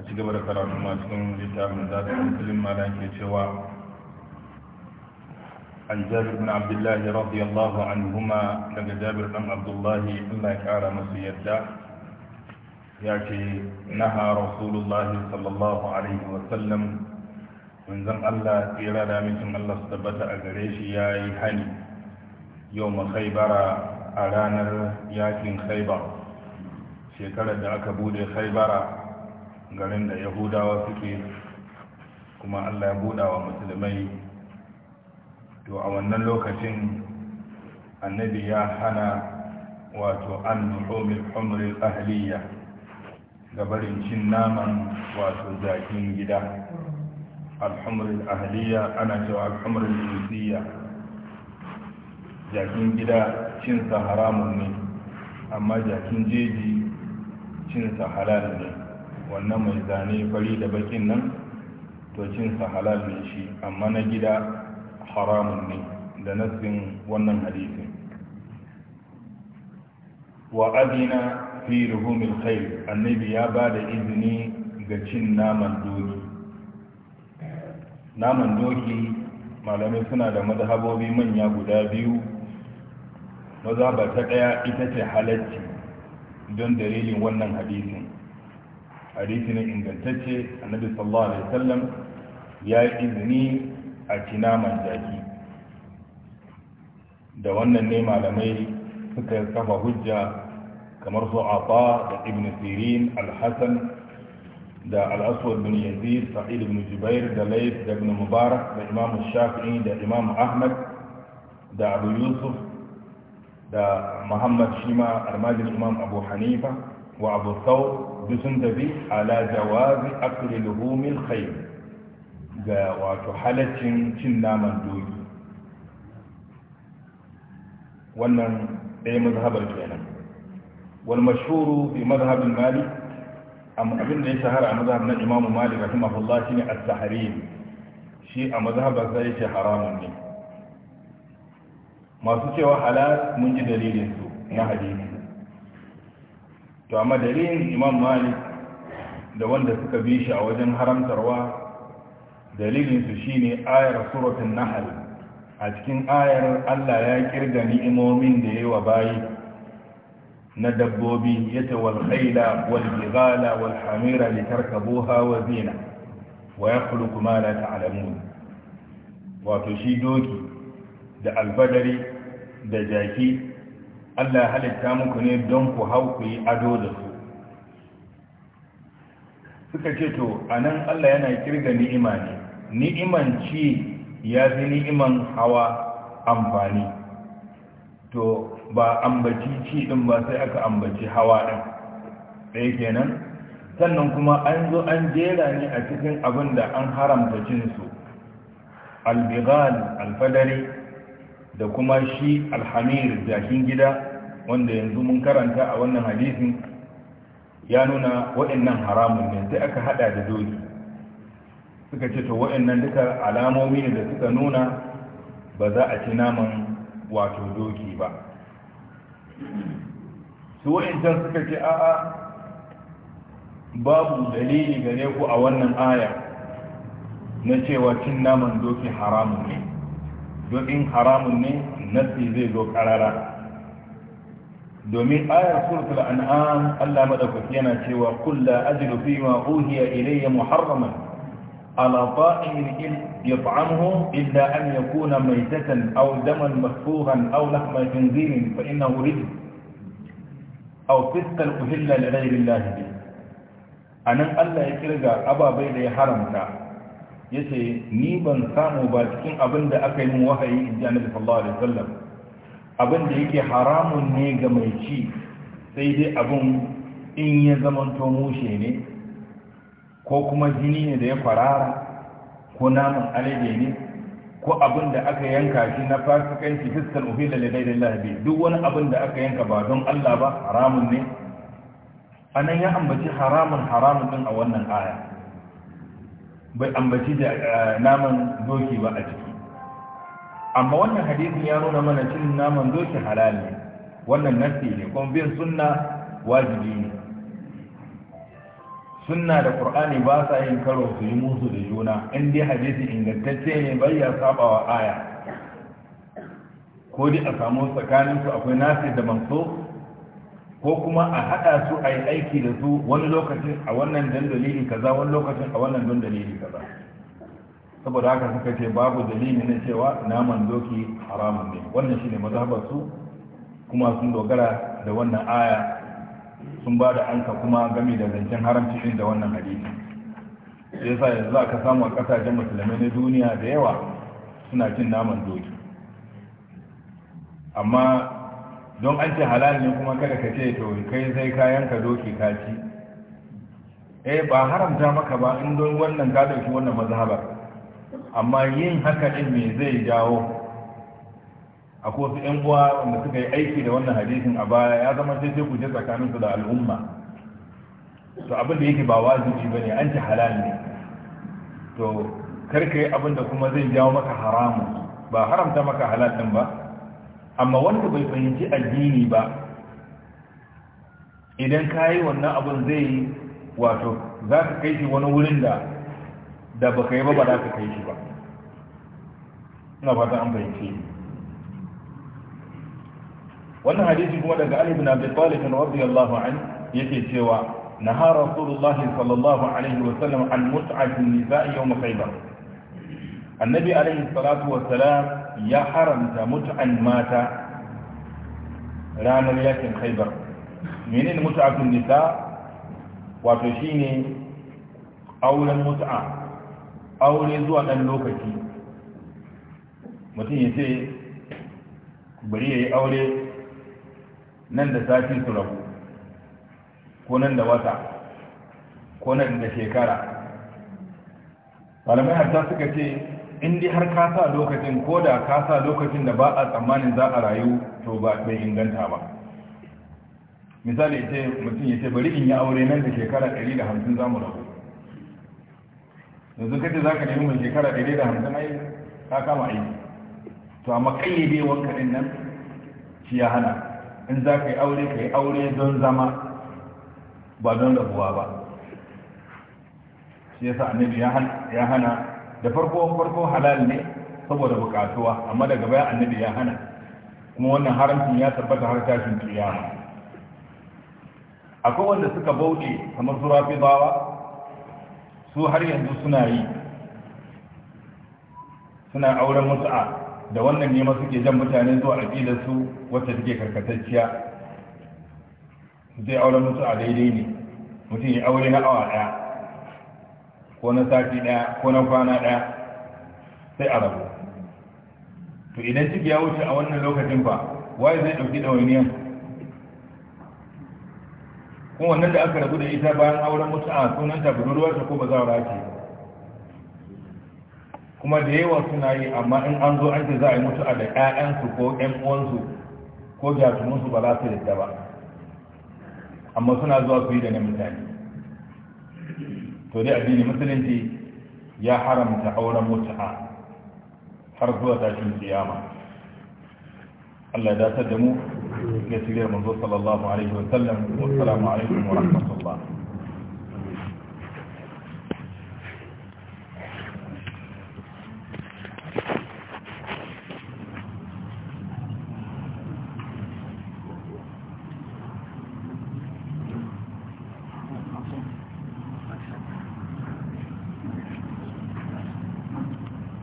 a ci gaba da karatu masu cikin littafin za su musulun mala ke cewa an jabir bin abdullahi radiyallahu anhuma daga jabir dan abdullahi allah ya kara masu yadda ya ce naha rasulullahi sallallahu alaihi wasallam manzon allah tsira da mikin allah su tabbata a gare shi ya yi hani yau makhaibara a ranar yakin khaibar shekarar da aka bude khaibara garin da yahudawa suke kuma allah ya buɗa wa musulmai to a wannan lokacin annabi ya hana wato an nuhomin umarin ahliya gabarin cin naman wato zakin gida alhumurin ahliya ana cewa alhumurin jinsiya jakin gida cinsa haramun ne amma jakin jeji cinsa halal ne wannan mai zane fari da bakin nan to cinsa halal ne shi amma na gida haramun ne da nassin wannan hadisin wa adina fi ruhumil khair annabi ya ba da izini ga cin naman doki naman doki malamai suna da mazhabobi manya guda biyu ba ta ɗaya ita ce halacci don dalilin wannan hadisin. hadisi ne ingantacce annabi sallallahu alaihi wasallam ya yi izini a ci naman da wannan ne malamai suka kafa hujja kamar su afa da ibn sirin al-hasan da al bin yazid sa'id ibn jubair da layth da ibn mubarak da imam shafi'i da imam ahmad da abu yusuf da muhammad shima armajin imam abu hanifa wa abu thawb duk sun tafi ala jawazi akli luhumil khayr ga wato halaccin cin naman doki wannan ɗaya mazhabar kenan wal mashuru fi mazhabin malik amma abin da ya shahara a mazhab na imamu malik rahimahullah shine at-tahrim shi a mazhabar sai yace haramun ne masu cewa halal mun ji dalilin su na hadisi to a dalilin imam malik da wanda suka bi shi a wajen haramtarwa dalilinsu shi ne ayar suratun nahal a cikin ayar allah ya kirga ni'imomin da ya yi wa bayi na dabbobi ya ce walhaila walgizala walhamira litarkabuha wa zina wa ya kulu kuma la ta'alamun wato shi doki da albadari da jaki Allah ya halitta muku ne don ku hau ku yi ado da su suka ce to a nan Allah yana kirga ni'ima ne ni'iman ci ya fi ni'iman hawa amfani to ba ambaci ci ɗin ba sai aka ambaci hawa din ɗaya kenan sannan kuma an zo an jera ne a cikin abin da an haramta cinsu albigal alfadari da kuma shi alhamir jakin gida wanda yanzu mun karanta a wannan hadisin ya nuna waɗannan haramun ne sai aka hada da doki suka ce to waɗannan duka alamomi ne da suka nuna ba za a ci naman wato doki ba su waɗancan suka ce a'a babu dalili gare ku a wannan aya na cewa cin naman doki haramun ne in haramun ne nassi zai zo karara domin ayar suratul an'am Allah madaukaki yana cewa qul la ajidu fi ma uhiya ilayya muharraman ala ta'imin yat'amuhu illa an yakuna maytatan aw daman masfuhan aw lahma khinzirin fa innahu rijs aw fisqan uhilla li ghayri Allah bi anan Allah ya kirga ababai da ya haramta Ya yace ni ban samu ba cikin abin da aka yi min wahayi in ji annabi sallallahu alaihi wasallam abin da yake haramun ne ga mai ci sai dai abin in ya zamanto mushe ne ko kuma jini ne da ya kwarara ko naman alade ne ko abin da aka yanka shi na fasikanci fiskal uhila li ghairi Allah bi duk wani abin da aka yanka ba don Allah ba haramun ne anan ya ambaci haramun haramun din a wannan aya bai ambaci da eh, naman doki ba a jiki. amma wannan hadisin ya nuna mana cin naman doki halal ne wannan nasi ne kuma bin sunna wajibi ne sunna da qur'ani ba sa yin karo su yi musu da juna in dai hadisi ingantacce ne bai ya saba wa aya ko dai a samu tsakaninsu akwai nasi da manso ko kuma a haɗa su a yi aiki da su wani lokacin a wannan don dalili kaza wani lokacin a wannan don dalili kaza saboda haka suka ce babu dalili na cewa naman doki haramun ne wannan shine mazhabar su kuma sun dogara da wannan aya sun ba da anka kuma game da zancen haramci din da wannan hadisi sa yanzu za ka samu a kasashen musulmai na duniya da yawa suna cin naman doki amma don an ce halal ne kuma kada ka ce to kai sai kayan ka doki ka ci eh ba haramta maka ba in don wannan ka dauki wannan mazhaba amma yin haka din me zai jawo akwai wasu yan uwa wanda suka yi aiki da wannan hadisin a baya ya zama sai sai je tsakanin su da al'umma to abin da yake ba wajibi bane an ce halal ne to kar ka yi abin da kuma zai jawo maka haramu. ba haramta maka halal din ba amma wanda bai fahimci addini ba idan ka yi wannan abin zai yi wato za ka kai shi wani wurin da da ba ka yi ba ba za ka kai shi ba ina fata an fahimci wannan hadisi kuma daga Ali bin Abi Talib radiyallahu anhu yake cewa نهى رسول الله صلى الله عليه وسلم عن متعة النساء يوم annabi النبي salatu الصلاة والسلام ya haramta mutu'an mata ranar yakin haibar menene mutu'atun nisa wato shi ne auren mutu'a aure zuwa ɗan lokaci mutum ya ce bari ya yi aure nan da sati su rabu ko nan da wata ko nan da shekara malamai harta suka ce in dai har ka sa lokacin ko da ka sa lokacin da ba a tsammanin za a rayu to ba bai inganta ba misali ce mutum ya ce bari in yi aure nan da shekara 150 za mu rabu yanzu kace za ka nemi mai shekara 150 ai ka kama aiki to amma dai wanka din nan shi ya hana in za ka yi aure ka yi aure don zama ba don rabuwa ba shi yasa annabi ya hana da farko farko halal ne saboda bukatuwa amma daga baya annabi ya hana kuma wannan haramcin ya tabbata har tashin kiyama akwai wanda suka bauke kamar su rafidawa su har yanzu suna yi suna auren mutu'a da wannan nema suke jan mutane zuwa aƙidar su wacce take karkatacciya zai auren mutu'a daidai ne mutum ya aure na awa ɗaya ko na sati ɗaya ko na kwana ɗaya sai a rabu to idan ciki ya wuce a wannan lokacin fa waye zai ɗauki ɗawainiyan kuma wannan da aka rabu da ita bayan auren mutu'a sunanta budurwarta ko ba za a kuma da yawa suna yi amma in an zo ake za a yi mutu'a da 'ya'yansu ko 'yan uwansu ko jatuninsu ba za su yadda ba amma suna zuwa su yi da na mutane to dai addinin musulunci ya haramta auren wuta har zuwa tashin kiyama Allah ya dace da mu ga sirrin manzo sallallahu alaihi wa sallam wa assalamu alaikum wa rahmatullah